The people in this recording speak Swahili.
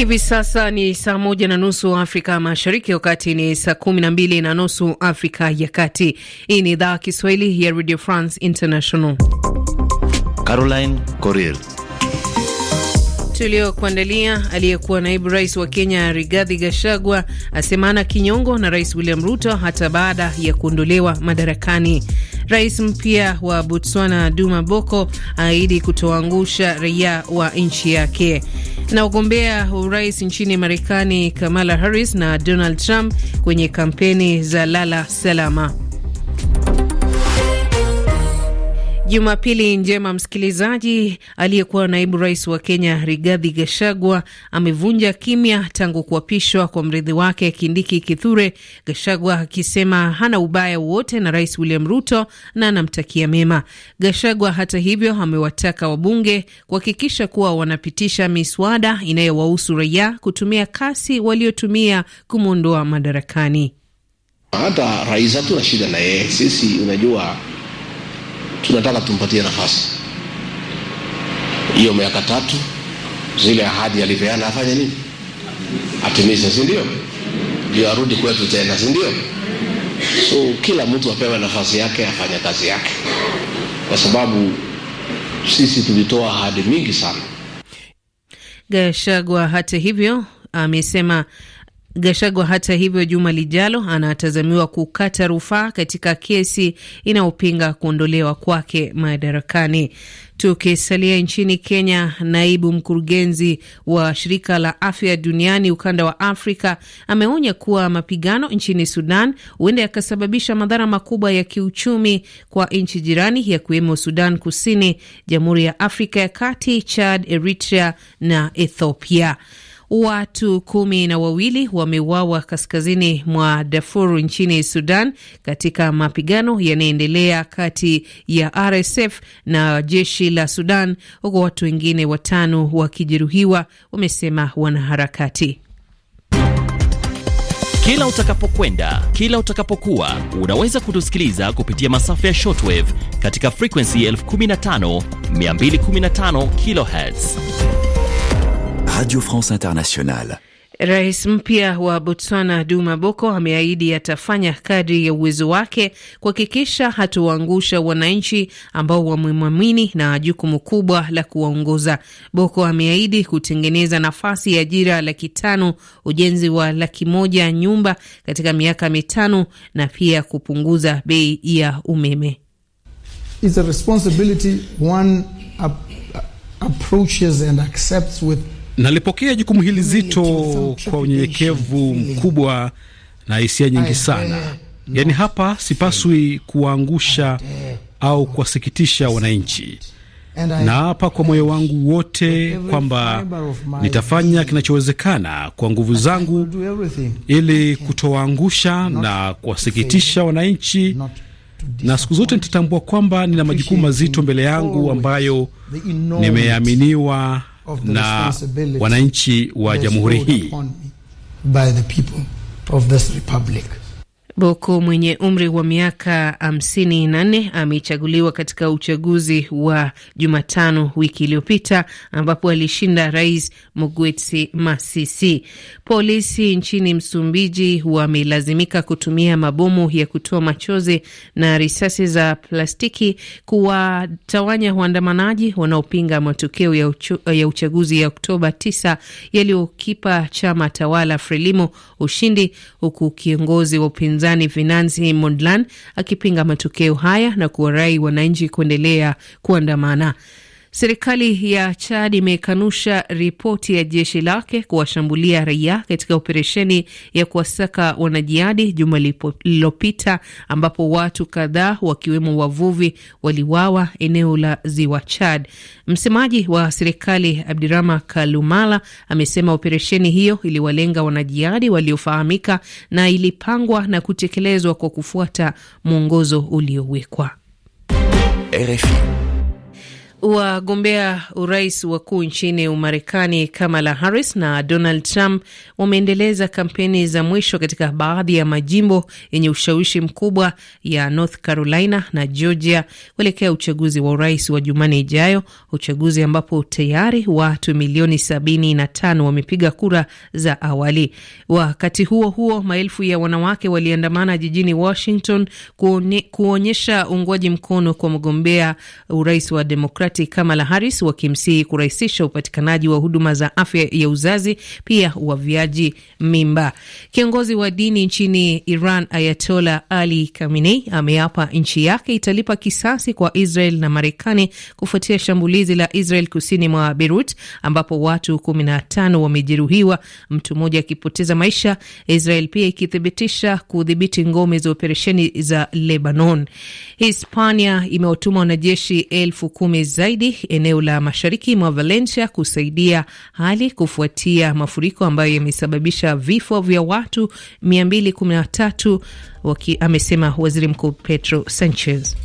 Hivi sasa ni saa moja na nusu Afrika Mashariki, wakati ni saa kumi na mbili na nusu Afrika ya Kati. Hii ni idhaa Kiswahili ya Radio France International. Caroline Coril tuliokuandalia. Aliyekuwa naibu rais wa Kenya Rigathi Gachagua asemana kinyongo na Rais William Ruto hata baada ya kuondolewa madarakani. Rais mpya wa Botswana Duma Boko aahidi kutoangusha raia wa nchi yake. Na wagombea urais nchini Marekani Kamala Harris na Donald Trump kwenye kampeni za lala salama. Jumapili njema msikilizaji. Aliyekuwa naibu rais wa Kenya Rigathi Gachagua amevunja kimya tangu kuapishwa kwa mrithi wake Kindiki Kithure, Gachagua akisema hana ubaya wowote na Rais William Ruto na anamtakia mema. Gachagua hata hivyo amewataka wabunge kuhakikisha kuwa wanapitisha miswada inayowahusu raia kutumia kasi waliotumia kumwondoa madarakani. Hata rais hatuna shida na yeye, sisi unajua tunataka tumpatie nafasi hiyo miaka tatu zile ahadi alipeana afanye nini atimize si ndio ndio arudi kwetu tena si ndio so kila mtu apewe nafasi yake afanye kazi yake kwa sababu sisi tulitoa ahadi mingi sana gashagwa hata hivyo amesema Gashagwa hata hivyo, juma lijalo anatazamiwa kukata rufaa katika kesi inayopinga kuondolewa kwake madarakani. Tukisalia nchini Kenya, naibu mkurugenzi wa shirika la afya duniani ukanda wa Afrika ameonya kuwa mapigano nchini Sudan huenda yakasababisha madhara makubwa ya kiuchumi kwa nchi jirani, yakiwemo Sudan Kusini, Jamhuri ya Afrika ya Kati, Chad, Eritrea na Ethiopia. Watu kumi na wawili wameuawa kaskazini mwa Darfur nchini Sudan katika mapigano yanayoendelea kati ya RSF na jeshi la Sudan, huku watu wengine watano wakijeruhiwa, wamesema wanaharakati. Kila utakapokwenda, kila utakapokuwa, unaweza kutusikiliza kupitia masafa ya shortwave katika frekuensi 15215 kHz Radio France Internationale. Rais mpya wa Botswana Duma Boko ameahidi atafanya kadri ya uwezo wake kuhakikisha hatowaangusha wananchi ambao wamemwamini na jukumu kubwa la kuwaongoza. Boko ameahidi kutengeneza nafasi ya ajira laki tano, ujenzi wa laki moja nyumba katika miaka mitano na pia kupunguza bei ya umeme. It's a Nalipokea jukumu hili zito kwa unyenyekevu mkubwa na hisia nyingi sana. Yaani hapa sipaswi kuwaangusha au kuwasikitisha wananchi. na hapa kwa moyo wangu wote kwamba nitafanya kinachowezekana kwa nguvu zangu ili kutowaangusha na kuwasikitisha wananchi, na siku zote nitatambua kwamba nina majukumu mazito mbele yangu ambayo nimeaminiwa na wananchi wa jamhuri hii. Boko mwenye umri wa miaka 54 amechaguliwa katika uchaguzi wa Jumatano wiki iliyopita ambapo alishinda Rais Mokgweetsi Masisi. Polisi nchini Msumbiji wamelazimika kutumia mabomu ya kutoa machozi na risasi za plastiki kuwatawanya waandamanaji wanaopinga matokeo ya, ya uchaguzi ya Oktoba 9 yaliyokipa chama tawala Frelimo ushindi huku kiongozi wa upinzani upinzani Venansi Mondlane akipinga matokeo haya na kuwarai wananchi kuendelea kuandamana. Serikali ya Chad imekanusha ripoti ya jeshi lake kuwashambulia raia katika operesheni ya kuwasaka wanajihadi juma lililopita, ambapo watu kadhaa wakiwemo wavuvi waliwawa eneo la ziwa Chad. Msemaji wa serikali Abdirama Kalumala amesema operesheni hiyo iliwalenga wanajihadi waliofahamika na ilipangwa na kutekelezwa kwa kufuata mwongozo uliowekwa. RFI Wagombea urais wakuu nchini Umarekani, Kamala Harris na Donald Trump wameendeleza kampeni za mwisho katika baadhi ya majimbo yenye ushawishi mkubwa ya North Carolina na Georgia kuelekea uchaguzi wa urais wa Jumanne ijayo, uchaguzi ambapo tayari watu milioni 75 wamepiga kura za awali. Wakati huo huo, maelfu ya wanawake waliandamana jijini Washington kuone, kuonyesha uungwaji mkono kwa mgombea urais wa Demokrat wakati Kamala Harris wakimsihi kurahisisha upatikanaji wa huduma za afya ya uzazi, pia uavyaji mimba. Kiongozi wa dini nchini Iran Ayatola Ali Khamenei ameapa nchi yake italipa kisasi kwa Israel na Marekani kufuatia shambulizi la Israel kusini mwa Beirut ambapo watu 15 wamejeruhiwa, mtu mmoja akipoteza maisha, Israel pia ikithibitisha kudhibiti ngome za operesheni za Lebanon. Hispania imewatuma wanajeshi elfu kumi zaidi eneo la mashariki mwa Valencia kusaidia hali kufuatia mafuriko ambayo yamesababisha vifo vya watu 213 amesema waziri mkuu Pedro Sanchez.